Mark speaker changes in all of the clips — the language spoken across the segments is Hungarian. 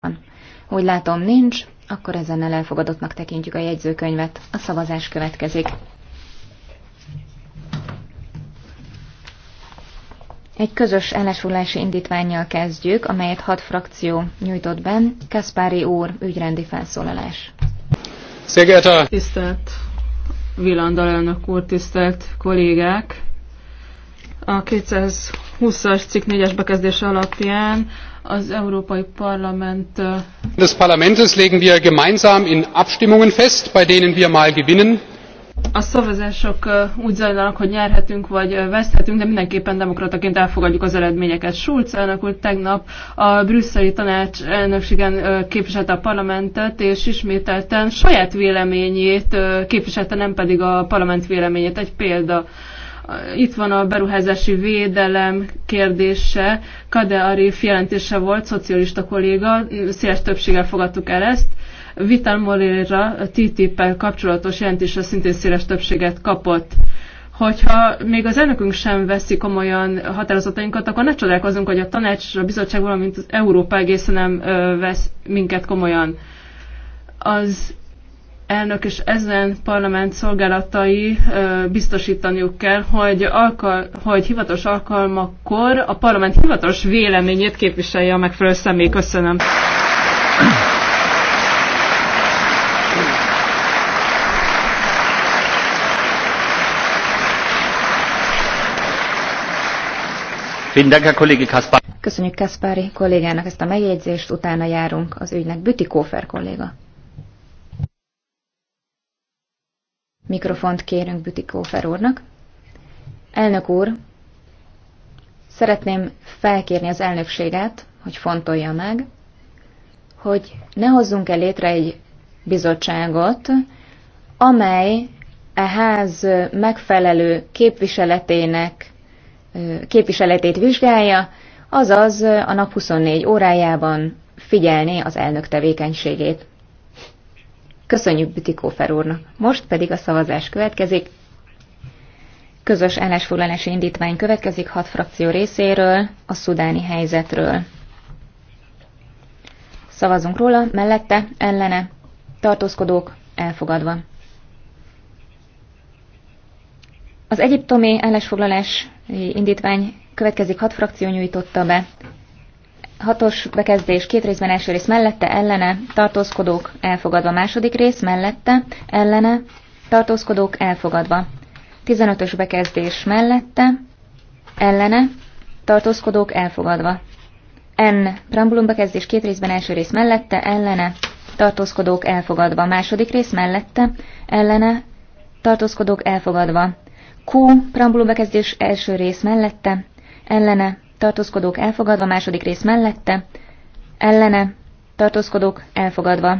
Speaker 1: Van. Úgy látom, nincs, akkor ezennel elfogadottnak tekintjük a jegyzőkönyvet. A szavazás következik. Egy közös ellensúlási indítványjal kezdjük, amelyet hat frakció nyújtott be. Kaspári úr, ügyrendi felszólalás. Szegeta!
Speaker 2: Tisztelt Vilandal elnök úr, tisztelt kollégák! A 220-as cikk 4-es bekezdése alapján az Európai Parlament
Speaker 3: des Parlamentes legen wir gemeinsam in Abstimmungen fest, bei denen wir mal gewinnen.
Speaker 2: A szavazások úgy zajlanak, hogy nyerhetünk vagy veszthetünk, de mindenképpen demokrataként elfogadjuk az eredményeket. Schulz elnök úr tegnap a brüsszeli tanács elnökségen képviselte a parlamentet, és ismételten saját véleményét képviselte, nem pedig a parlament véleményét. Egy példa. Itt van a beruházási védelem kérdése. Kade Arif jelentése volt, szocialista kolléga, széles többséggel fogadtuk el ezt. Vital Moreira TTIP-el kapcsolatos jelentése szintén széles többséget kapott hogyha még az elnökünk sem veszi komolyan határozatainkat, akkor ne csodálkozunk, hogy a tanács, a bizottság, valamint az Európa egészen nem vesz minket komolyan. Az elnök és ezen parlament szolgálatai biztosítaniuk kell, hogy, alkal, hogy hivatos alkalmakkor a parlament hivatalos véleményét képviselje a megfelelő személy. Köszönöm.
Speaker 1: Köszönjük Kaspári kollégának ezt a megjegyzést, utána járunk az ügynek. Bütikófer kolléga. Mikrofont kérünk Bütikófer úrnak. Elnök úr, szeretném felkérni az elnökséget, hogy fontolja meg, hogy ne hozzunk el létre egy bizottságot, amely a e ház megfelelő képviseletének képviseletét vizsgálja, azaz a nap 24 órájában figyelni az elnök tevékenységét. Köszönjük Bütikó Ferúrnak. Most pedig a szavazás következik. Közös ellensfoglalási indítvány következik hat frakció részéről a szudáni helyzetről. Szavazunk róla, mellette, ellene, tartózkodók, elfogadva. Az egyiptomi állásfoglalás indítvány következik hat frakció nyújtotta be, Hatos bekezdés két részben első rész mellette, ellene, tartózkodók elfogadva. Második rész mellette, ellene, tartózkodók elfogadva. 15-ös bekezdés mellette, ellene, tartózkodók elfogadva. N. Prambulum bekezdés két részben első rész mellette, ellene, tartózkodók elfogadva. Második rész mellette, ellene, tartózkodók elfogadva. Q. Prambulum bekezdés első rész mellette, ellene, tartózkodók elfogadva, második rész mellette, ellene, tartózkodók elfogadva.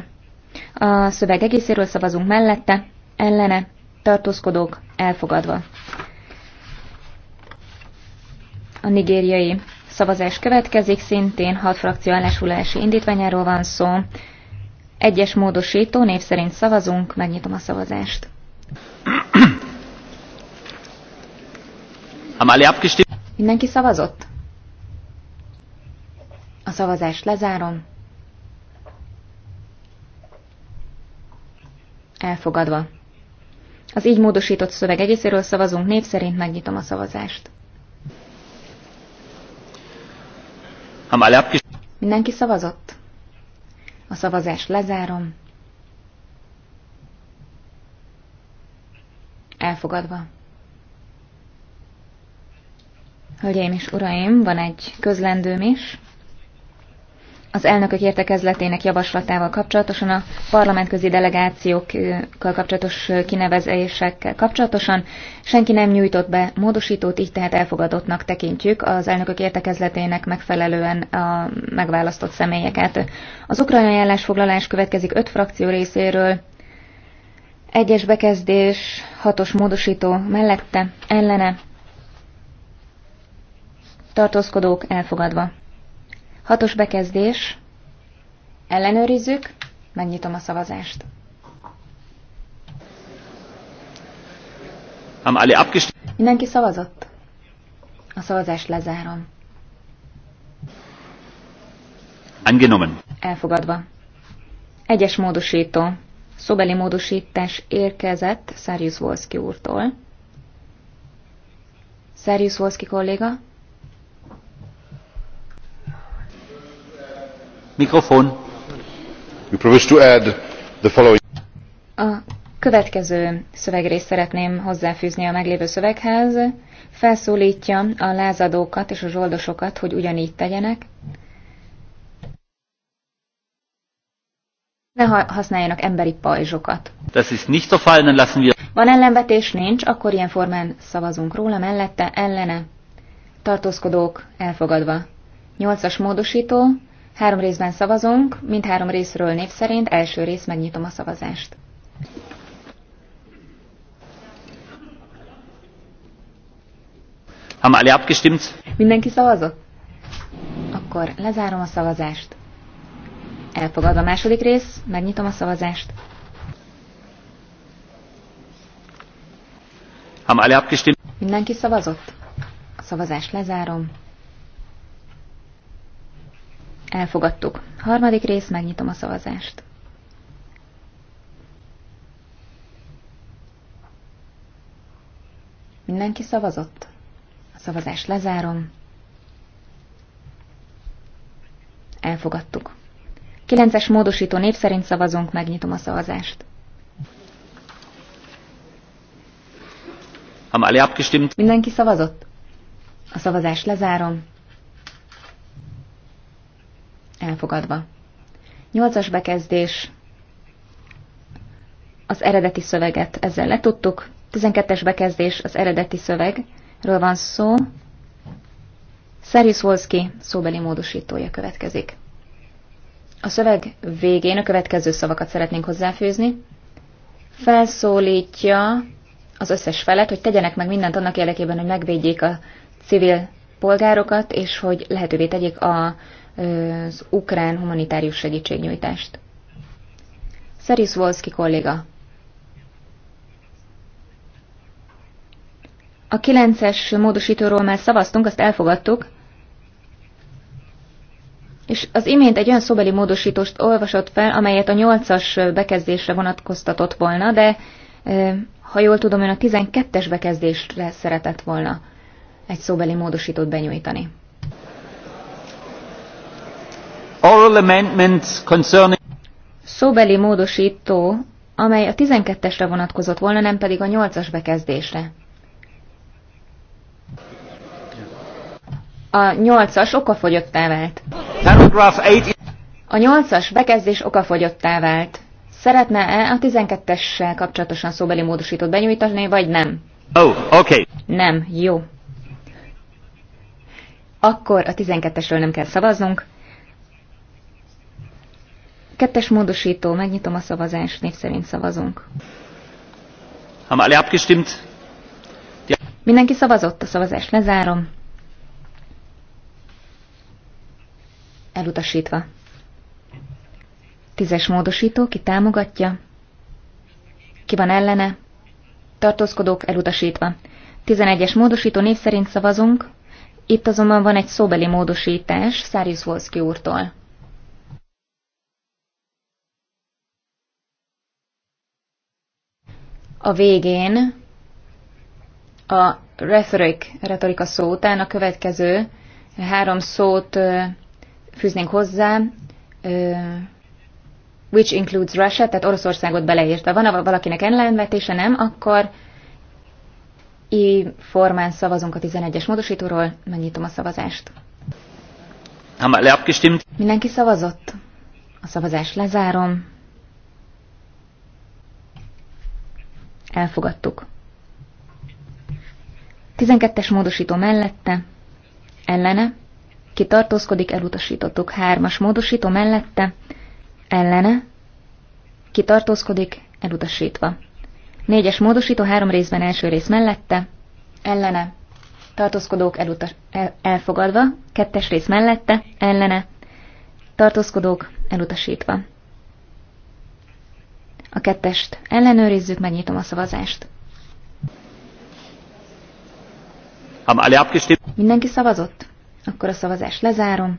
Speaker 1: A szöveg egészéről szavazunk mellette, ellene, tartózkodók elfogadva. A nigériai szavazás következik, szintén hat frakció állásfoglalási indítványáról van szó. Egyes módosító név szerint szavazunk, megnyitom a szavazást. Mindenki szavazott? A szavazást lezárom. Elfogadva. Az így módosított szöveg egészéről szavazunk, név szerint megnyitom a szavazást. Mindenki szavazott? A szavazást lezárom. Elfogadva. Hölgyeim és uraim, van egy közlendőm is az elnökök értekezletének javaslatával kapcsolatosan, a parlamentközi delegációkkal kapcsolatos kinevezésekkel kapcsolatosan. Senki nem nyújtott be módosítót, így tehát elfogadottnak tekintjük az elnökök értekezletének megfelelően a megválasztott személyeket. Az ukrajnai állásfoglalás következik öt frakció részéről, egyes bekezdés, hatos módosító mellette, ellene, tartózkodók elfogadva. Hatos bekezdés. Ellenőrizzük. Megnyitom a szavazást. Mindenki szavazott? A szavazást lezárom. Angenommen. Elfogadva. Egyes módosító. Szobeli módosítás érkezett Szárius Volszki úrtól. Szárius Volszki kolléga, A következő szövegrészt szeretném hozzáfűzni a meglévő szöveghez. Felszólítja a lázadókat és a zsoldosokat, hogy ugyanígy tegyenek. Ne használjanak emberi pajzsokat.
Speaker 4: Das ist nicht der Fall, dann lassen wir...
Speaker 1: Van ellenvetés? Nincs. Akkor ilyen formán szavazunk róla, mellette, ellene. Tartózkodók elfogadva. Nyolcas módosító, Három részben szavazunk, mindhárom részről név szerint, első rész megnyitom a szavazást.
Speaker 4: Haben alle abgestimmt?
Speaker 1: Mindenki szavazott? Akkor lezárom a szavazást. Elfogadva a második rész, megnyitom a szavazást.
Speaker 4: Haben alle abgestimmt?
Speaker 1: Mindenki szavazott? A szavazást lezárom. Elfogadtuk. Harmadik rész, megnyitom a szavazást. Mindenki szavazott? A szavazást lezárom. Elfogadtuk. Kilences módosító név szerint szavazunk, megnyitom a szavazást.
Speaker 4: Haben alle abgestimmt?
Speaker 1: Mindenki szavazott? A szavazást lezárom. Elfogadva. Nyolcas bekezdés. Az eredeti szöveget ezzel letudtuk. 12-es bekezdés az eredeti szövegről van szó. Szerius Wolski szóbeli módosítója következik. A szöveg végén a következő szavakat szeretnénk hozzáfőzni. Felszólítja az összes felet, hogy tegyenek meg mindent annak érdekében, hogy megvédjék a civil polgárokat, és hogy lehetővé tegyék a az ukrán humanitárius segítségnyújtást. Szerisz Volszki kolléga. A 9-es módosítóról már szavaztunk, azt elfogadtuk, és az imént egy olyan szóbeli módosítóst olvasott fel, amelyet a 8-as bekezdésre vonatkoztatott volna, de ha jól tudom, ön a 12-es bekezdésre szeretett volna egy szóbeli módosítót benyújtani. Szóbeli módosító, amely a 12-esre vonatkozott volna, nem pedig a 8-as bekezdésre. A 8-as okafogyottá vált. A 8-as bekezdés okafogyottá vált. Szeretne-e a 12-essel kapcsolatosan szóbeli módosítót benyújtani, vagy nem?
Speaker 4: Oh, okay.
Speaker 1: Nem, jó. Akkor a 12-esről nem kell szavaznunk. Kettes módosító, megnyitom a szavazást, név szerint szavazunk.
Speaker 4: Haben alle abgestimmt?
Speaker 1: Mindenki szavazott, a szavazást lezárom. Elutasítva. Tízes módosító, ki támogatja? Ki van ellene? Tartózkodók elutasítva. Tizenegyes módosító név szerint szavazunk. Itt azonban van egy szóbeli módosítás Szárius Volszki úrtól. a végén, a rhetoric, retorika szó után a következő három szót fűznénk hozzá, which includes Russia, tehát Oroszországot beleírta. Van valakinek ellenvetése, nem, akkor i formán szavazunk a 11-es módosítóról, megnyitom a szavazást. Mindenki szavazott? A szavazást lezárom. Elfogadtuk. 12-es módosító mellette, ellene, ki tartózkodik, elutasítottuk. 3-as módosító mellette, ellene, ki tartózkodik, elutasítva. 4-es módosító három részben első rész mellette, ellene, tartózkodók elutas, el, elfogadva, kettes rész mellette, ellene, tartózkodók elutasítva. A kettest ellenőrizzük, megnyitom a szavazást. Mindenki szavazott? Akkor a szavazást lezárom.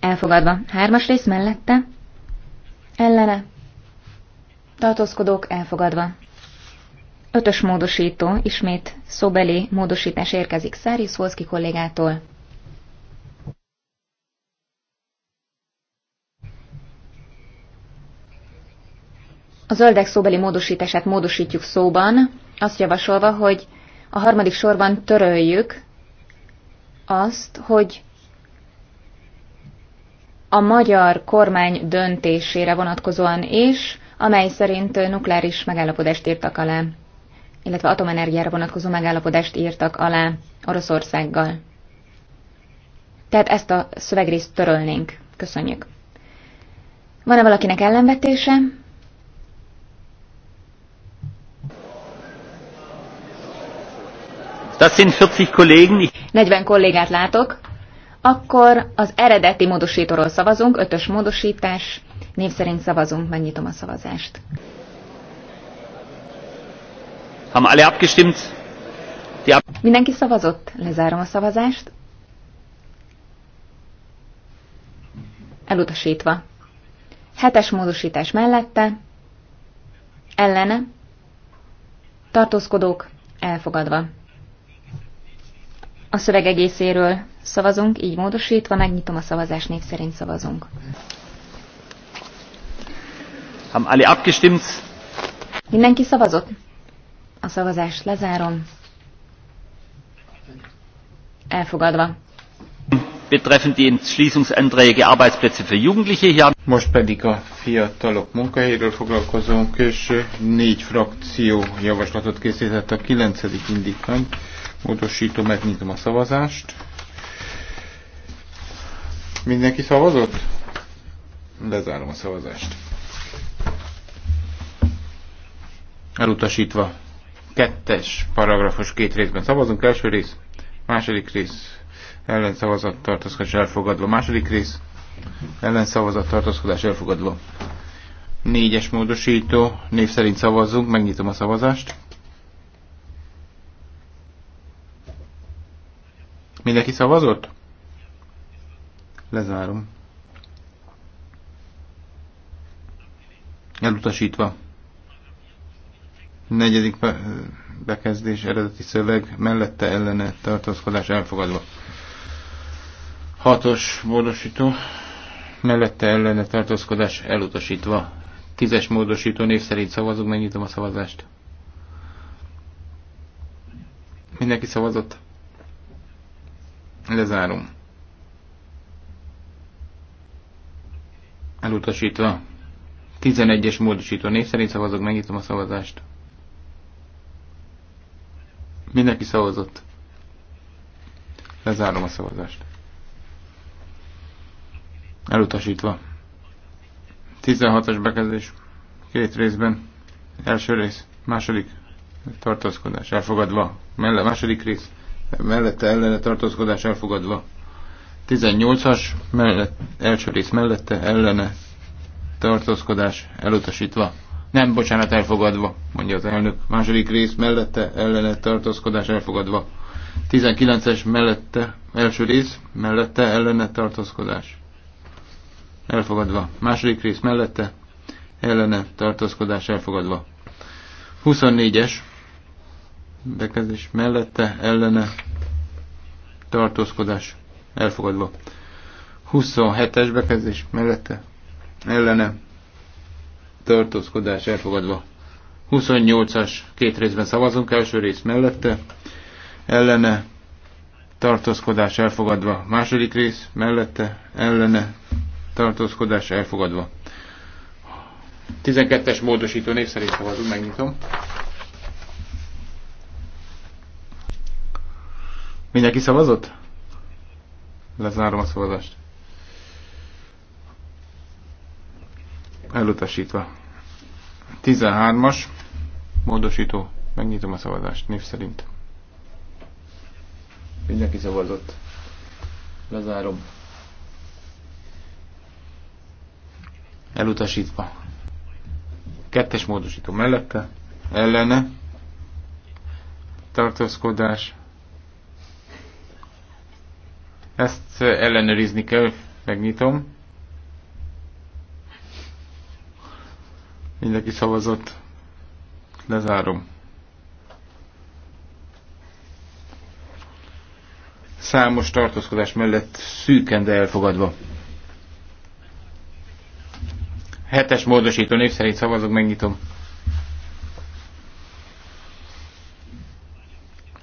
Speaker 1: Elfogadva. Hármas rész mellette. Ellene. Tartózkodók elfogadva. Ötös módosító, ismét szóbeli módosítás érkezik Szári Szolszki kollégától. A zöldek szóbeli módosítását módosítjuk szóban, azt javasolva, hogy a harmadik sorban töröljük azt, hogy a magyar kormány döntésére vonatkozóan is, amely szerint nukleáris megállapodást írtak alá, illetve atomenergiára vonatkozó megállapodást írtak alá Oroszországgal. Tehát ezt a szövegrészt törölnénk. Köszönjük. Van-e valakinek ellenvetése?
Speaker 4: Das sind 40 Kollegen.
Speaker 1: 40 kollégát látok. Akkor az eredeti módosítóról szavazunk, ötös módosítás. Név szerint szavazunk, megnyitom a szavazást.
Speaker 4: Haben alle abgestimmt? Die ab
Speaker 1: Mindenki szavazott? Lezárom a szavazást. Elutasítva. Hetes módosítás mellette. Ellene. Tartózkodók. Elfogadva. A szöveg egészéről szavazunk, így módosítva, megnyitom a szavazás név szerint szavazunk.
Speaker 4: Haben alle abgestimmt?
Speaker 1: Mindenki szavazott? A szavazást lezárom. Elfogadva.
Speaker 3: Betreffend die Entschließungsanträge Arbeitsplätze für Jugendliche hier. Most pedig a fiatalok munkahelyről foglalkozunk, és négy frakció javaslatot készített a kilencedik indítvány módosítom, megnyitom a szavazást. Mindenki szavazott? Lezárom a szavazást. Elutasítva. Kettes paragrafos két részben szavazunk. Első rész, második rész, ellenszavazat tartozkodás elfogadva. Második rész, ellenszavazat tartozkodás elfogadva. Négyes módosító, név szerint szavazzunk, megnyitom a szavazást. Mindenki szavazott? Lezárom. Elutasítva. Negyedik bekezdés eredeti szöveg mellette ellene tartózkodás elfogadva. Hatos módosító mellette ellene tartózkodás elutasítva. Tízes módosító név szerint szavazunk, megnyitom a szavazást. Mindenki szavazott? Lezárom. Elutasítva. 11-es módosító név szerint szavazok, megnyitom a szavazást. Mindenki szavazott. Lezárom a szavazást. Elutasítva. 16-as bekezdés. Két részben. Első rész. Második tartózkodás. Elfogadva. Melle második rész mellette ellene tartózkodás elfogadva. 18-as mellett, első rész mellette ellene tartózkodás elutasítva. Nem, bocsánat, elfogadva, mondja az elnök. Második rész mellette ellene tartózkodás elfogadva. 19-es mellette, első rész mellette ellene tartózkodás. Elfogadva. Második rész mellette ellene tartózkodás elfogadva. 24-es bekezdés mellette ellene tartózkodás elfogadva. 27-es bekezdés mellette ellene tartózkodás elfogadva. 28-as két részben szavazunk, első rész mellette ellene tartózkodás elfogadva. Második rész mellette ellene tartózkodás elfogadva. 12-es módosító név szerint szavazunk, megnyitom. Mindenki szavazott? Lezárom a szavazást. Elutasítva. 13-as módosító. Megnyitom a szavazást név szerint. Mindenki szavazott. Lezárom. Elutasítva. Kettes módosító mellette. Ellene. Tartózkodás ezt ellenőrizni kell, megnyitom. Mindenki szavazott. Lezárom. Számos tartózkodás mellett szűken, de elfogadva. Hetes módosító név szerint szavazok, megnyitom.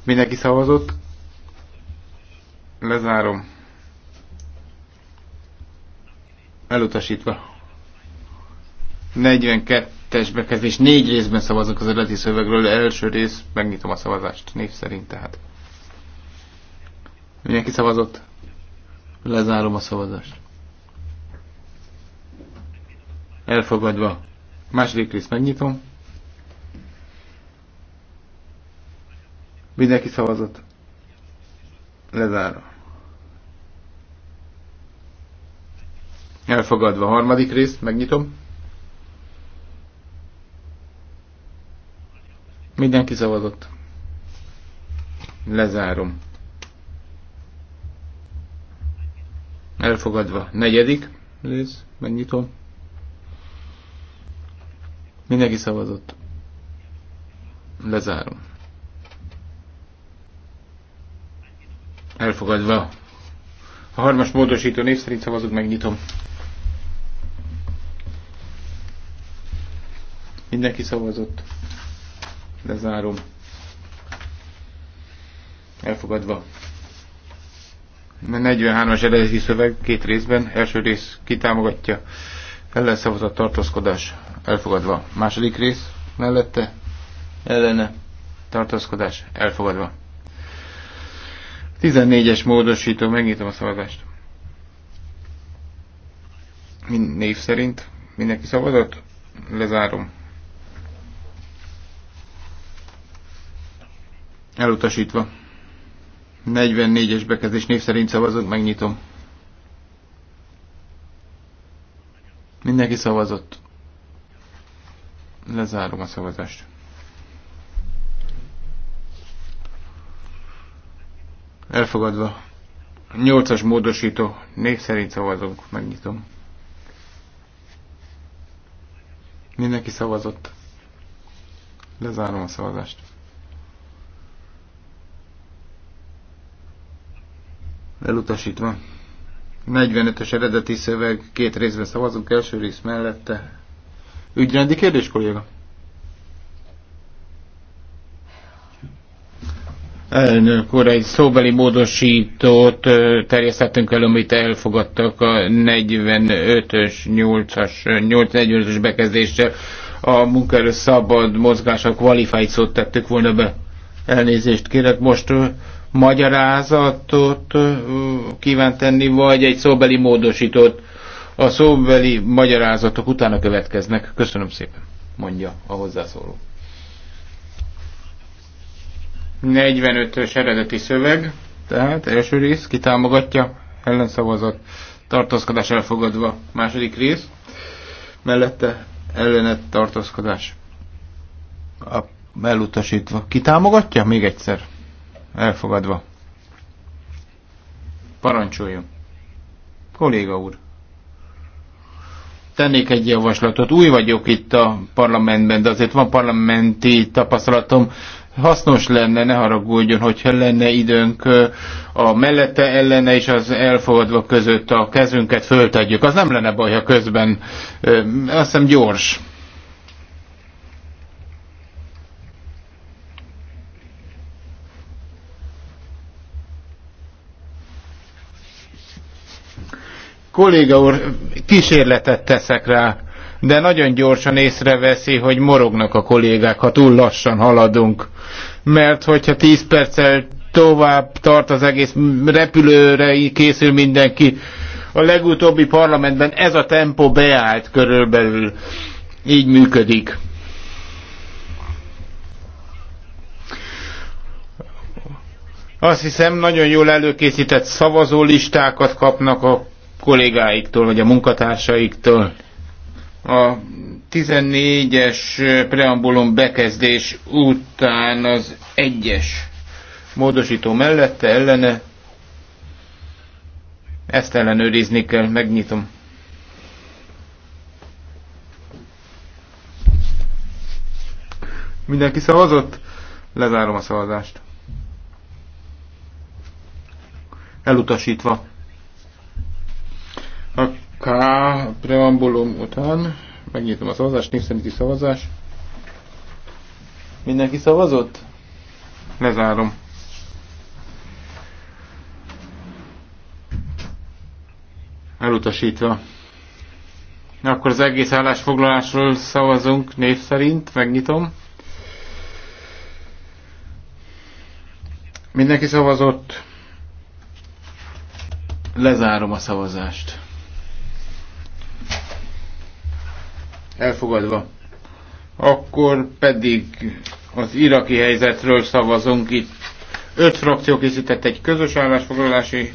Speaker 3: Mindenki szavazott. Lezárom. Elutasítva. 42-es bekezdés. Négy részben szavazok az eredeti szövegről. Első rész, megnyitom a szavazást. Név szerint tehát. Mindenki szavazott? Lezárom a szavazást. Elfogadva. Második rész megnyitom. Mindenki szavazott. Lezárom. Elfogadva. Harmadik részt megnyitom. Mindenki szavazott. Lezárom. Elfogadva. Negyedik rész. Megnyitom. Mindenki szavazott. Lezárom. Elfogadva. A harmas módosító név szerint szavazok, megnyitom. Mindenki szavazott. Lezárom. Elfogadva. 43-as eredeti szöveg két részben. Első rész kitámogatja. Ellenszavazat tartózkodás. Elfogadva. Második rész mellette. Ellene. Tartózkodás. Elfogadva. 14-es módosító. Megnyitom a szavazást. Mind név szerint. Mindenki szavazott? Lezárom. Elutasítva. 44-es bekezdés név szerint szavazok, megnyitom. Mindenki szavazott. Lezárom a szavazást. Elfogadva. 8-as módosító. Név szerint szavazunk. Megnyitom. Mindenki szavazott. Lezárom a szavazást. elutasítva. 45-ös eredeti szöveg, két részben szavazunk, első rész mellette. Ügyrendi kérdés, kolléga? Elnök úr, egy szóbeli módosítót terjesztettünk elő, amit elfogadtak a 45-ös, 8-as, 45 ös bekezdéssel. A munkaerő szabad mozgása szót tettük volna be. Elnézést kérek most magyarázatot kíván tenni, vagy egy szóbeli módosítót. A szóbeli magyarázatok utána következnek. Köszönöm szépen, mondja a hozzászóló. 45-ös eredeti szöveg, tehát első rész, kitámogatja, ellenszavazat, tartózkodás elfogadva, második rész, mellette ellenet tartózkodás. A elutasítva. kitámogatja Még egyszer elfogadva. Parancsoljon. Kolléga úr. Tennék egy javaslatot. Új vagyok itt a parlamentben, de azért van parlamenti tapasztalatom. Hasznos lenne, ne haragudjon, hogyha lenne időnk a mellette ellene és az elfogadva között a kezünket föltegyük. Az nem lenne baj, ha közben. Azt hiszem gyors kolléga úr, kísérletet teszek rá, de nagyon gyorsan észreveszi, hogy morognak a kollégák, ha túl lassan haladunk. Mert hogyha 10 perccel tovább tart az egész repülőre, készül mindenki, a legutóbbi parlamentben ez a tempó beállt körülbelül. Így működik. Azt hiszem, nagyon jól előkészített szavazólistákat kapnak a kollégáiktól, vagy a munkatársaiktól. A 14-es preambulum bekezdés után az egyes módosító mellette ellene ezt ellenőrizni kell, megnyitom. Mindenki szavazott? Lezárom a szavazást. Elutasítva. preambulum után megnyitom a szavazást, népszerinti szavazás. Mindenki szavazott? Lezárom. Elutasítva. Akkor az egész állásfoglalásról szavazunk név szerint, megnyitom. Mindenki szavazott. Lezárom a szavazást. elfogadva. Akkor pedig az iraki helyzetről szavazunk itt. Öt frakció készített egy közös állásfoglalási,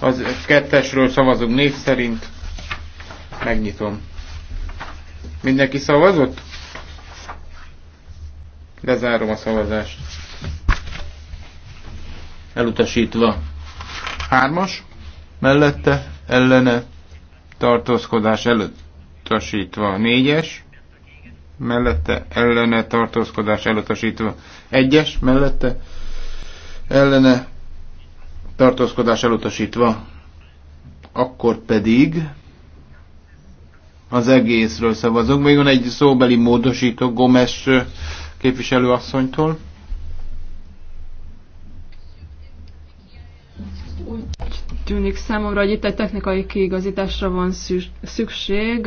Speaker 3: az kettesről szavazunk név szerint. Megnyitom. Mindenki szavazott? Lezárom a szavazást. Elutasítva. Hármas? Mellette, ellene, tartózkodás előtt elutasítva. Négyes, mellette ellene tartózkodás elutasítva. Egyes, mellette ellene tartózkodás elutasítva. Akkor pedig az egészről szavazunk. Még van egy szóbeli módosító Gomes képviselőasszonytól.
Speaker 2: Úgy tűnik számomra, hogy itt egy technikai kiigazításra van szükség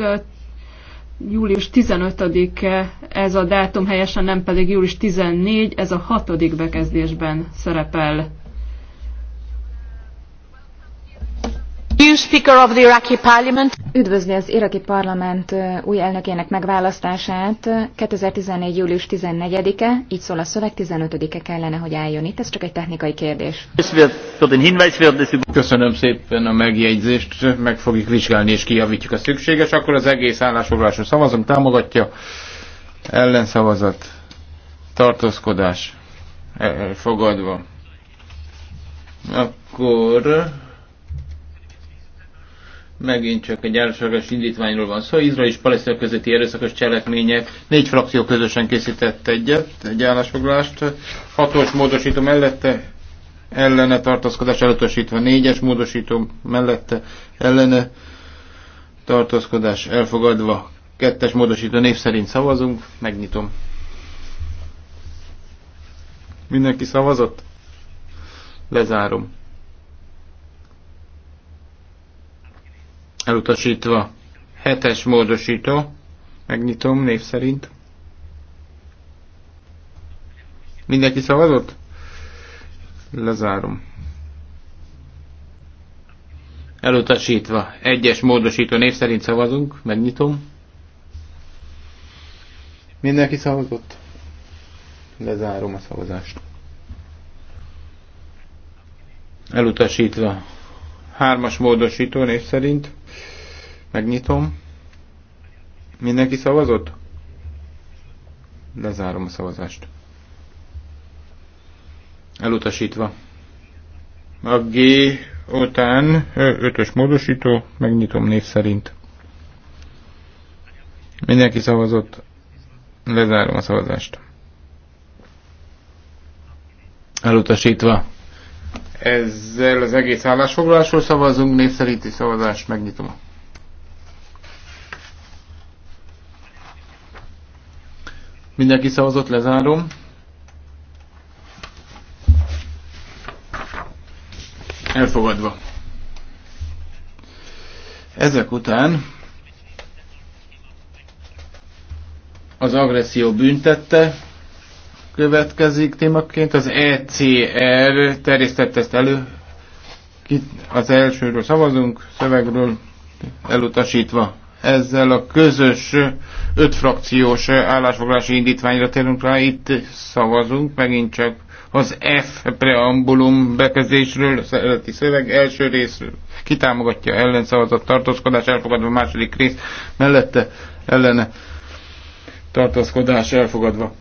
Speaker 2: július 15-e ez a dátum helyesen, nem pedig július 14, ez a hatodik bekezdésben szerepel.
Speaker 1: Üdvözli az iraki parlament új elnökének megválasztását 2014. július 14-e, így szól a szöveg 15-e kellene, hogy álljon itt. Ez csak egy technikai kérdés.
Speaker 3: Köszönöm szépen a megjegyzést, meg fogjuk vizsgálni és kijavítjuk a szükséges, akkor az egész állásfoglalásra szavazom, támogatja, ellenszavazat, tartózkodás, elfogadva. Akkor megint csak egy elsősorgos indítványról van szó, Izrael és Palesztina közötti erőszakos cselekmények. Négy frakció közösen készített egyet, egy állásfoglalást. Hatos módosító mellette ellene tartózkodás elutasítva, négyes módosító mellette ellene tartózkodás elfogadva, kettes módosító név szerint szavazunk, megnyitom. Mindenki szavazott? Lezárom. Elutasítva. Hetes módosító. Megnyitom név szerint. Mindenki szavazott? Lezárom. Elutasítva. Egyes módosító név szerint szavazunk. Megnyitom. Mindenki szavazott? Lezárom a szavazást. Elutasítva Hármas módosító név szerint. Megnyitom. Mindenki szavazott? Lezárom a szavazást. Elutasítva. A G után ötös módosító, megnyitom név szerint. Mindenki szavazott, lezárom a szavazást. Elutasítva. Ezzel az egész állásfoglalásról szavazunk, név szerinti szavazást megnyitom. Mindenki szavazott, lezárom. Elfogadva. Ezek után az agresszió büntette, következik témaként. Az ECR terjesztett ezt elő. Itt az elsőről szavazunk, szövegről elutasítva. Ezzel a közös ötfrakciós állásfoglalási indítványra térünk rá. Itt szavazunk, megint csak az F preambulum bekezdésről, az eredeti szöveg első részről. Kitámogatja ellenszavazat tartózkodás, elfogadva a második rész mellette ellene tartózkodás elfogadva.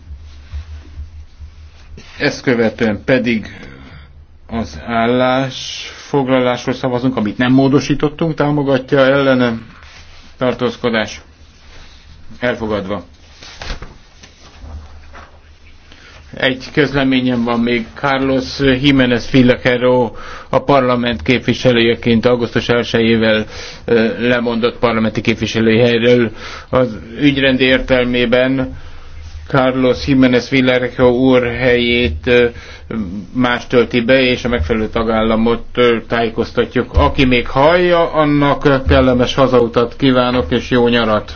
Speaker 3: Ezt követően pedig az állás foglalásról szavazunk, amit nem módosítottunk, támogatja ellene tartózkodás elfogadva. Egy közleményem van még, Carlos Jiménez Filakero a parlament képviselőjeként augusztus 1-ével lemondott parlamenti képviselői helyről az ügyrend értelmében Carlos Jiménez Villarrejo úr helyét más tölti be, és a megfelelő tagállamot tájékoztatjuk. Aki még hallja, annak kellemes hazautat kívánok, és jó nyarat!